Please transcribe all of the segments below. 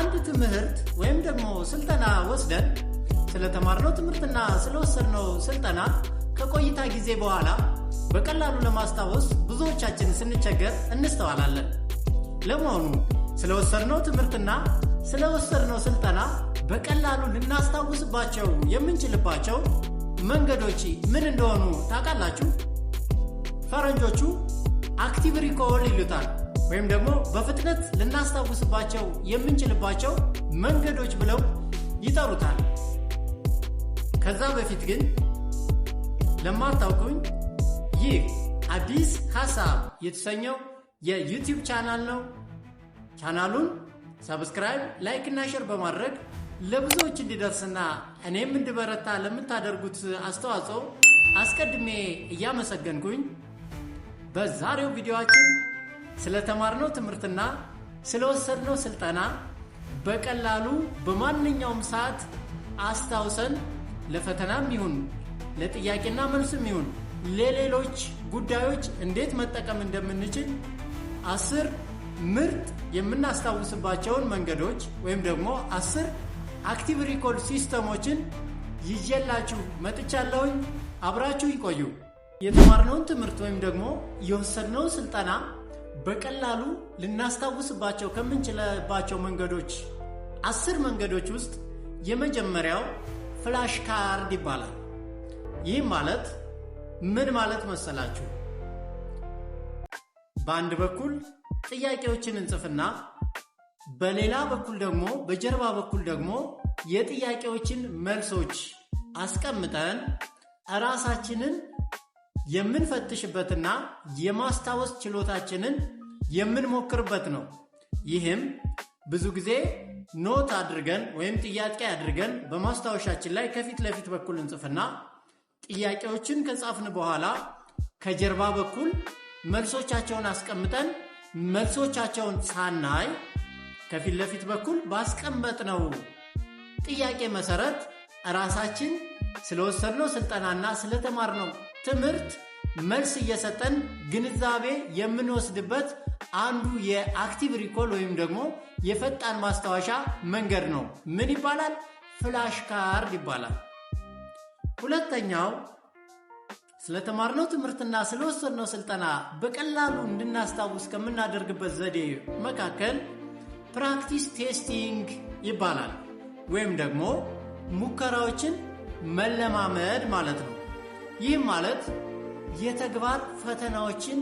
አንድ ትምህርት ወይም ደግሞ ስልጠና ወስደን ስለተማርነው ትምህርትና ስለወሰድነው ስልጠና ከቆይታ ጊዜ በኋላ በቀላሉ ለማስታወስ ብዙዎቻችን ስንቸገር እንስተዋላለን። ለመሆኑ ስለወሰድነው ትምህርትና ስለወሰድነው ስልጠና በቀላሉ ልናስታውስባቸው የምንችልባቸው መንገዶች ምን እንደሆኑ ታውቃላችሁ? ፈረንጆቹ አክቲቭ ሪኮል ይሉታል። ወይም ደግሞ በፍጥነት ልናስታውስባቸው የምንችልባቸው መንገዶች ብለው ይጠሩታል። ከዛ በፊት ግን ለማታውቁኝ ይህ አዲስ ሀሳብ የተሰኘው የዩቲዩብ ቻናል ነው። ቻናሉን ሰብስክራይብ፣ ላይክ እና ሼር በማድረግ ለብዙዎች እንዲደርስና እኔም እንድበረታ ለምታደርጉት አስተዋጽኦ አስቀድሜ እያመሰገንኩኝ በዛሬው ቪዲዮችን ስለተማርነው ትምህርትና ስለወሰድነው ስልጠና በቀላሉ በማንኛውም ሰዓት አስታውሰን ለፈተናም ይሁን ለጥያቄና መልስም ይሁን ለሌሎች ጉዳዮች እንዴት መጠቀም እንደምንችል አስር ምርጥ የምናስታውስባቸውን መንገዶች ወይም ደግሞ አስር አክቲቭ ሪኮል ሲስተሞችን ይዤላችሁ መጥቻለሁኝ። አብራችሁ ይቆዩ። የተማርነውን ትምህርት ወይም ደግሞ የወሰድነውን ስልጠና በቀላሉ ልናስታውስባቸው ከምንችልባቸው መንገዶች አስር መንገዶች ውስጥ የመጀመሪያው ፍላሽ ካርድ ይባላል። ይህም ማለት ምን ማለት መሰላችሁ? በአንድ በኩል ጥያቄዎችን እንጽፍና በሌላ በኩል ደግሞ በጀርባ በኩል ደግሞ የጥያቄዎችን መልሶች አስቀምጠን እራሳችንን የምንፈትሽበትና የማስታወስ ችሎታችንን የምንሞክርበት ነው። ይህም ብዙ ጊዜ ኖት አድርገን ወይም ጥያቄ አድርገን በማስታወሻችን ላይ ከፊት ለፊት በኩል እንጽፍና ጥያቄዎችን ከጻፍን በኋላ ከጀርባ በኩል መልሶቻቸውን አስቀምጠን መልሶቻቸውን ሳናይ ከፊት ለፊት በኩል ባስቀመጥነው ጥያቄ መሰረት ራሳችን ስለወሰድነው ስልጠናና ስለተማርነው ትምህርት መልስ እየሰጠን ግንዛቤ የምንወስድበት አንዱ የአክቲቭ ሪኮል ወይም ደግሞ የፈጣን ማስታወሻ መንገድ ነው። ምን ይባላል? ፍላሽ ካርድ ይባላል። ሁለተኛው ስለተማርነው ትምህርትና ስለወሰድነው ስልጠና በቀላሉ እንድናስታውስ ከምናደርግበት ዘዴ መካከል ፕራክቲስ ቴስቲንግ ይባላል። ወይም ደግሞ ሙከራዎችን መለማመድ ማለት ነው። ይህም ማለት የተግባር ፈተናዎችን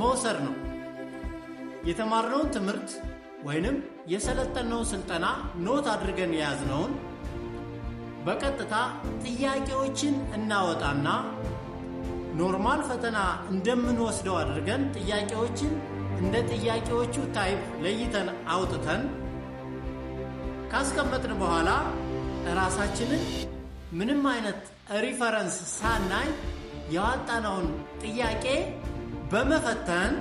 መውሰድ ነው። የተማርነውን ትምህርት ወይንም የሰለጠነውን ስልጠና ኖት አድርገን የያዝነውን በቀጥታ ጥያቄዎችን እናወጣና ኖርማል ፈተና እንደምንወስደው አድርገን ጥያቄዎችን እንደ ጥያቄዎቹ ታይፕ ለይተን አውጥተን ካስቀመጥን በኋላ ራሳችንን ምንም አይነት ሪፈረንስ ሳናይ ያወጣነውን ጥያቄ በመፈተን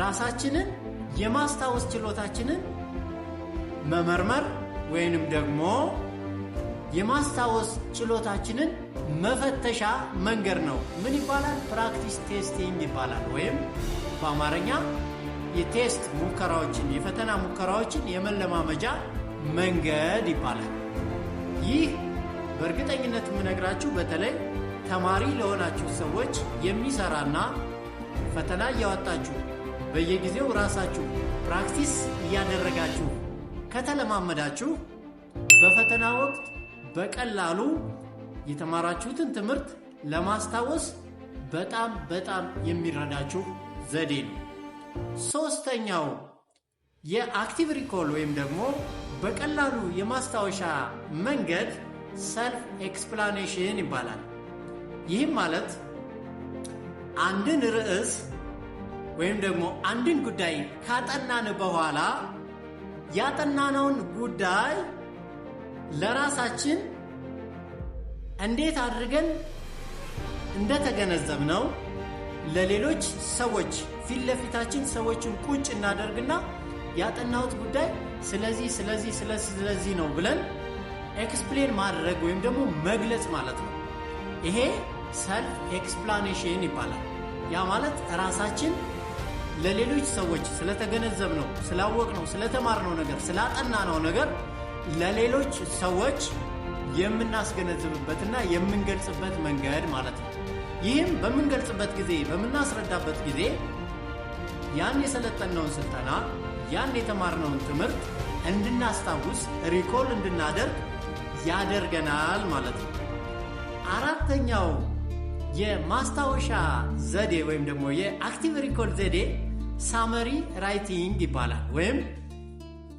ራሳችንን የማስታወስ ችሎታችንን መመርመር ወይንም ደግሞ የማስታወስ ችሎታችንን መፈተሻ መንገድ ነው። ምን ይባላል? ፕራክቲስ ቴስቲንግ ይባላል። ወይም በአማርኛ የቴስት ሙከራዎችን የፈተና ሙከራዎችን የመለማመጃ መንገድ ይባላል። ይህ በእርግጠኝነት የምነግራችሁ በተለይ ተማሪ ለሆናችሁ ሰዎች የሚሰራና ፈተና እያወጣችሁ በየጊዜው ራሳችሁ ፕራክቲስ እያደረጋችሁ ከተለማመዳችሁ በፈተና ወቅት በቀላሉ የተማራችሁትን ትምህርት ለማስታወስ በጣም በጣም የሚረዳችሁ ዘዴ ነው። ሶስተኛው የአክቲቭ ሪኮል ወይም ደግሞ በቀላሉ የማስታወሻ መንገድ ሰልፍ ኤክስፕላኔሽን ይባላል። ይህም ማለት አንድን ርዕስ ወይም ደግሞ አንድን ጉዳይ ካጠናን በኋላ ያጠናነውን ጉዳይ ለራሳችን እንዴት አድርገን እንደተገነዘብነው ለሌሎች ሰዎች ፊት ለፊታችን ሰዎችን ቁጭ እናደርግና ያጠናሁት ጉዳይ ስለዚህ ስለዚህ ስለዚህ ነው ብለን ኤክስፕሌን ማድረግ ወይም ደግሞ መግለጽ ማለት ነው ይሄ ሰልፍ ኤክስፕላኔሽን ይባላል። ያ ማለት ራሳችን ለሌሎች ሰዎች ስለተገነዘብ ነው ስላወቅ ነው ስለተማር ነው ነገር ስላጠና ነው ነገር ለሌሎች ሰዎች የምናስገነዝብበትና የምንገልጽበት መንገድ ማለት ነው። ይህም በምንገልጽበት ጊዜ በምናስረዳበት ጊዜ ያን የሰለጠነውን ስልጠና ያን የተማርነውን ትምህርት እንድናስታውስ ሪኮል እንድናደርግ ያደርገናል ማለት ነው። አራተኛው የማስታወሻ ዘዴ ወይም ደግሞ የአክቲቭ ሪኮርድ ዘዴ ሳመሪ ራይቲንግ ይባላል። ወይም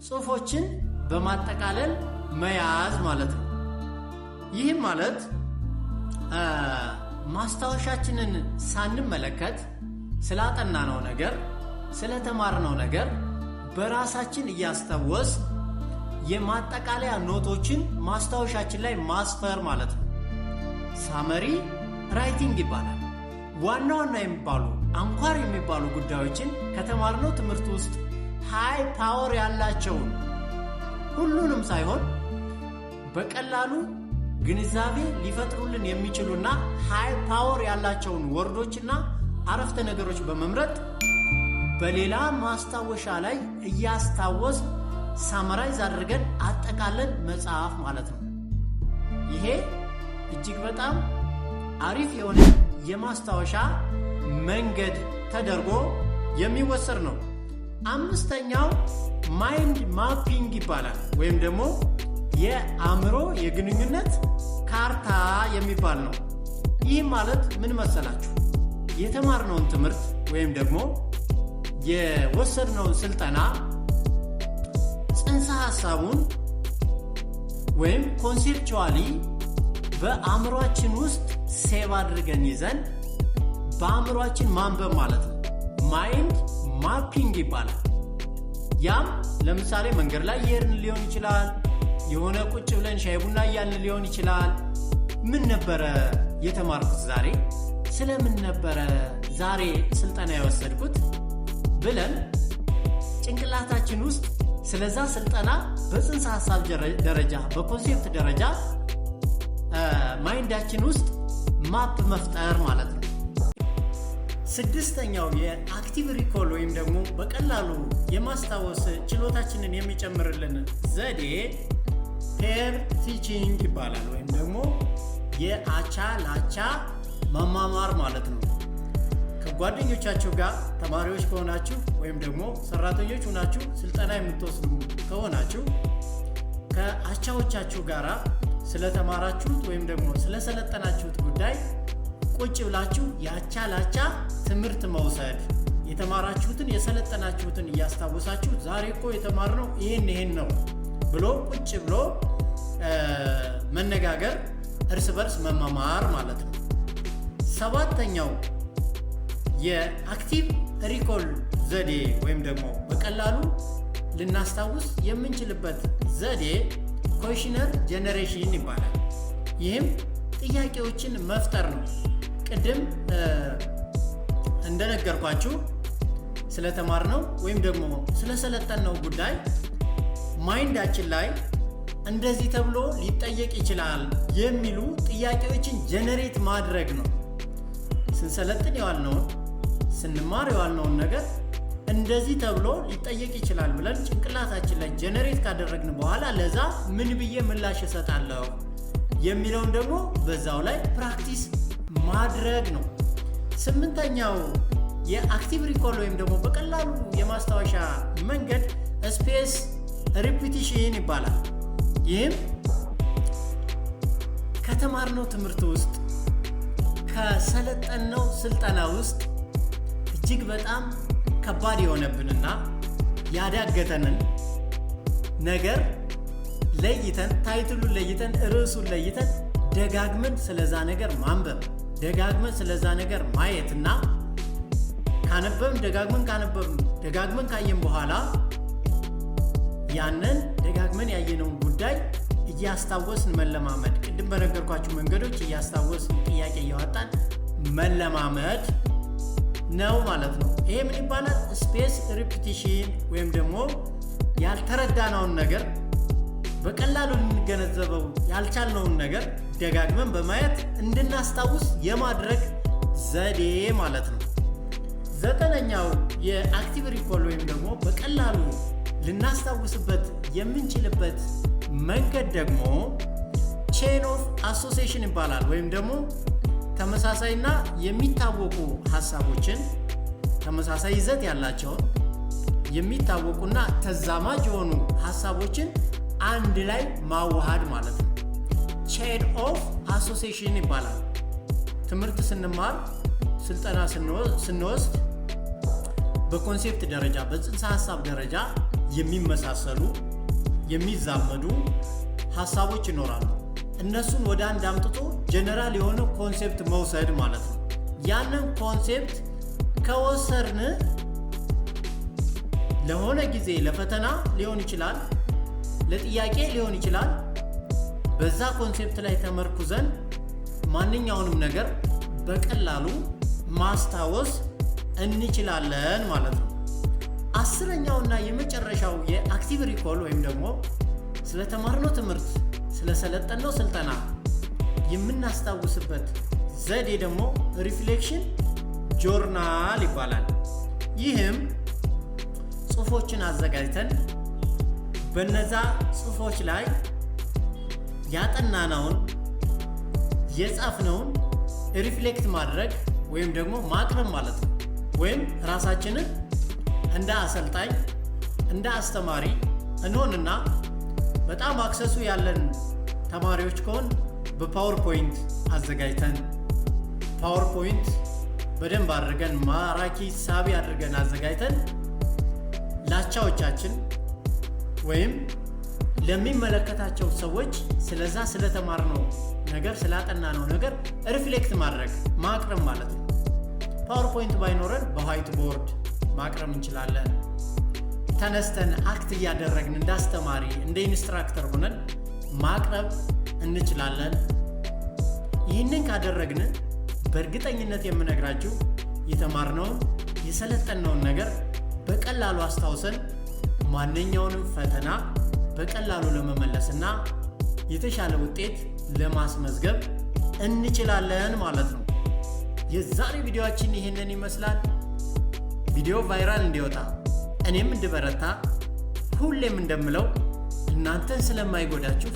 ጽሁፎችን በማጠቃለል መያዝ ማለት ነው። ይህም ማለት ማስታወሻችንን ሳንመለከት ስላጠናነው ነገር፣ ስለተማርነው ነገር በራሳችን እያስታወስ የማጠቃለያ ኖቶችን ማስታወሻችን ላይ ማስፈር ማለት ነው ሳመሪ ራይቲንግ ይባላል። ዋና ዋና የሚባሉ አንኳር የሚባሉ ጉዳዮችን ከተማርነው ትምህርት ውስጥ ሃይ ፓወር ያላቸውን ሁሉንም ሳይሆን በቀላሉ ግንዛቤ ሊፈጥሩልን የሚችሉና ሃይ ፓወር ያላቸውን ወርዶችና አረፍተ ነገሮች በመምረጥ በሌላ ማስታወሻ ላይ እያስታወስ ሳመራይዝ አድርገን አጠቃለን መጽሐፍ ማለት ነው። ይሄ እጅግ በጣም አሪፍ የሆነ የማስታወሻ መንገድ ተደርጎ የሚወሰድ ነው። አምስተኛው ማይንድ ማፒንግ ይባላል ወይም ደግሞ የአእምሮ የግንኙነት ካርታ የሚባል ነው። ይህ ማለት ምን መሰላችሁ? የተማርነውን ትምህርት ወይም ደግሞ የወሰድነውን ስልጠና ጽንሰ ሀሳቡን ወይም ኮንሴፕቹዋሊ በአእምሯችን ውስጥ ሴቭ አድርገን ይዘን በአእምሯችን ማንበብ ማለት ነው። ማይንድ ማፒንግ ይባላል። ያም ለምሳሌ መንገድ ላይ እየሄድን ሊሆን ይችላል። የሆነ ቁጭ ብለን ሻይ ቡና እያልን ሊሆን ይችላል። ምን ነበረ የተማርኩት ዛሬ? ስለምን ነበረ ዛሬ ስልጠና የወሰድኩት? ብለን ጭንቅላታችን ውስጥ ስለዛ ስልጠና በጽንሰ ሀሳብ ደረጃ በኮንሴፕት ደረጃ ማይንዳችን ውስጥ ማፕ መፍጠር ማለት ነው። ስድስተኛው የአክቲቭ ሪኮል ወይም ደግሞ በቀላሉ የማስታወስ ችሎታችንን የሚጨምርልን ዘዴ ፔር ቲቺንግ ይባላል ወይም ደግሞ የአቻ ላቻ መማማር ማለት ነው። ከጓደኞቻችሁ ጋር ተማሪዎች ከሆናችሁ ወይም ደግሞ ሰራተኞች ሆናችሁ ስልጠና የምትወስዱ ከሆናችሁ ከአቻዎቻችሁ ጋራ ስለተማራችሁት ወይም ደግሞ ስለሰለጠናችሁት ጉዳይ ቁጭ ብላችሁ ያቻ ላቻ ትምህርት መውሰድ የተማራችሁትን የሰለጠናችሁትን እያስታወሳችሁ ዛሬ እኮ የተማርነው ይህን ይህን ነው ብሎ ቁጭ ብሎ መነጋገር፣ እርስ በርስ መማማር ማለት ነው። ሰባተኛው የአክቲቭ ሪኮል ዘዴ ወይም ደግሞ በቀላሉ ልናስታውስ የምንችልበት ዘዴ ኮሽነር ጀነሬሽን ይባላል። ይህም ጥያቄዎችን መፍጠር ነው። ቅድም እንደነገርኳችሁ ስለተማር ነው ወይም ደግሞ ስለሰለጠን ነው ጉዳይ ማይንዳችን ላይ እንደዚህ ተብሎ ሊጠየቅ ይችላል የሚሉ ጥያቄዎችን ጀነሬት ማድረግ ነው። ስንሰለጥን የዋልነውን ስንማር የዋልነውን ነገር እንደዚህ ተብሎ ሊጠየቅ ይችላል ብለን ጭንቅላታችን ላይ ጀነሬት ካደረግን በኋላ ለዛ ምን ብዬ ምላሽ እሰጣለሁ የሚለውን ደግሞ በዛው ላይ ፕራክቲስ ማድረግ ነው። ስምንተኛው የአክቲቭ ሪኮል ወይም ደግሞ በቀላሉ የማስታወሻ መንገድ ስፔስ ሪፒቲሽን ይባላል። ይህም ከተማርነው ትምህርት ውስጥ ከሰለጠነው ስልጠና ውስጥ እጅግ በጣም ከባድ የሆነብንና ያዳገተንን ነገር ለይተን ታይትሉን ለይተን ርዕሱን ለይተን ደጋግመን ስለዛ ነገር ማንበብ ደጋግመን ስለዛ ነገር ማየትና ካነበብን ደጋግመን ካነበብን ደጋግመን ካየን በኋላ ያንን ደጋግመን ያየነውን ጉዳይ እያስታወስን መለማመድ፣ ቅድም በነገርኳቸው መንገዶች እያስታወስን ጥያቄ እያወጣን መለማመድ ነው ማለት ነው። ይሄ ምን ይባላል? ስፔስ ሪፒቲሽን ወይም ደግሞ ያልተረዳነውን ነገር በቀላሉ ልንገነዘበው ያልቻልነውን ነገር ደጋግመን በማየት እንድናስታውስ የማድረግ ዘዴ ማለት ነው። ዘጠነኛው የአክቲቭ ሪኮል ወይም ደግሞ በቀላሉ ልናስታውስበት የምንችልበት መንገድ ደግሞ ቼን ኦፍ አሶሲሽን ይባላል ወይም ደግሞ ተመሳሳይና የሚታወቁ ሀሳቦችን ተመሳሳይ ይዘት ያላቸውን የሚታወቁና ተዛማጅ የሆኑ ሀሳቦችን አንድ ላይ ማዋሃድ ማለት ነው። ቼን ኦፍ አሶሲሽን ይባላል። ትምህርት ስንማር ስልጠና ስንወስድ በኮንሴፕት ደረጃ በጽንሰ ሀሳብ ደረጃ የሚመሳሰሉ የሚዛመዱ ሀሳቦች ይኖራሉ። እነሱን ወደ አንድ አምጥቶ ጀነራል የሆነ ኮንሴፕት መውሰድ ማለት ነው። ያንን ኮንሴፕት ከወሰድን ለሆነ ጊዜ ለፈተና ሊሆን ይችላል፣ ለጥያቄ ሊሆን ይችላል። በዛ ኮንሴፕት ላይ ተመርኩዘን ማንኛውንም ነገር በቀላሉ ማስታወስ እንችላለን ማለት ነው። አስረኛውና የመጨረሻው የአክቲቭ ሪኮል ወይም ደግሞ ስለተማርነው ትምህርት ስለሰለጠነው ስልጠና የምናስታውስበት ዘዴ ደግሞ ሪፍሌክሽን ጆርናል ይባላል። ይህም ጽሁፎችን አዘጋጅተን በነዛ ጽሁፎች ላይ ያጠናነውን የጻፍነውን ሪፍሌክት ማድረግ ወይም ደግሞ ማቅረብ ማለት ነው። ወይም ራሳችንን እንደ አሰልጣኝ እንደ አስተማሪ እንሆንና በጣም አክሰሱ ያለን ተማሪዎች ከሆን በፓወርፖይንት አዘጋጅተን ፓወርፖይንት በደንብ አድርገን ማራኪ ሳቢ አድርገን አዘጋጅተን ላቻዎቻችን ወይም ለሚመለከታቸው ሰዎች ስለዛ ስለተማርነው ነገር ስላጠናነው ነገር ሪፍሌክት ማድረግ ማቅረብ ማለት ነው። ፓወርፖይንት ባይኖረን በዋይት ቦርድ ማቅረብ እንችላለን። ተነስተን አክት እያደረግን እንዳስተማሪ እንደ ኢንስትራክተር ሆነን ማቅረብ እንችላለን። ይህንን ካደረግን በእርግጠኝነት የምነግራችሁ የተማርነውን የሰለጠነውን ነገር በቀላሉ አስታውሰን ማንኛውንም ፈተና በቀላሉ ለመመለስና የተሻለ ውጤት ለማስመዝገብ እንችላለን ማለት ነው። የዛሬ ቪዲዮአችን ይህንን ይመስላል። ቪዲዮ ቫይራል እንዲወጣ እኔም እንድበረታ ሁሌም እንደምለው እናንተን ስለማይጎዳችሁ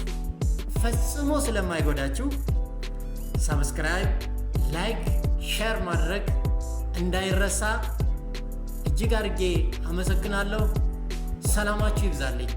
ፈጽሞ ስለማይጎዳችሁ ሰብስክራይብ፣ ላይክ፣ ሼር ማድረግ እንዳይረሳ። እጅግ አድርጌ አመሰግናለሁ። ሰላማችሁ ይብዛልኝ።